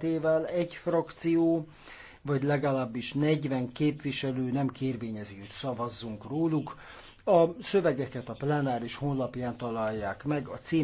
részvételével egy frakció, vagy legalábbis 40 képviselő nem kérvényezi, hogy szavazzunk róluk. A szövegeket a plenáris honlapján találják meg, a cím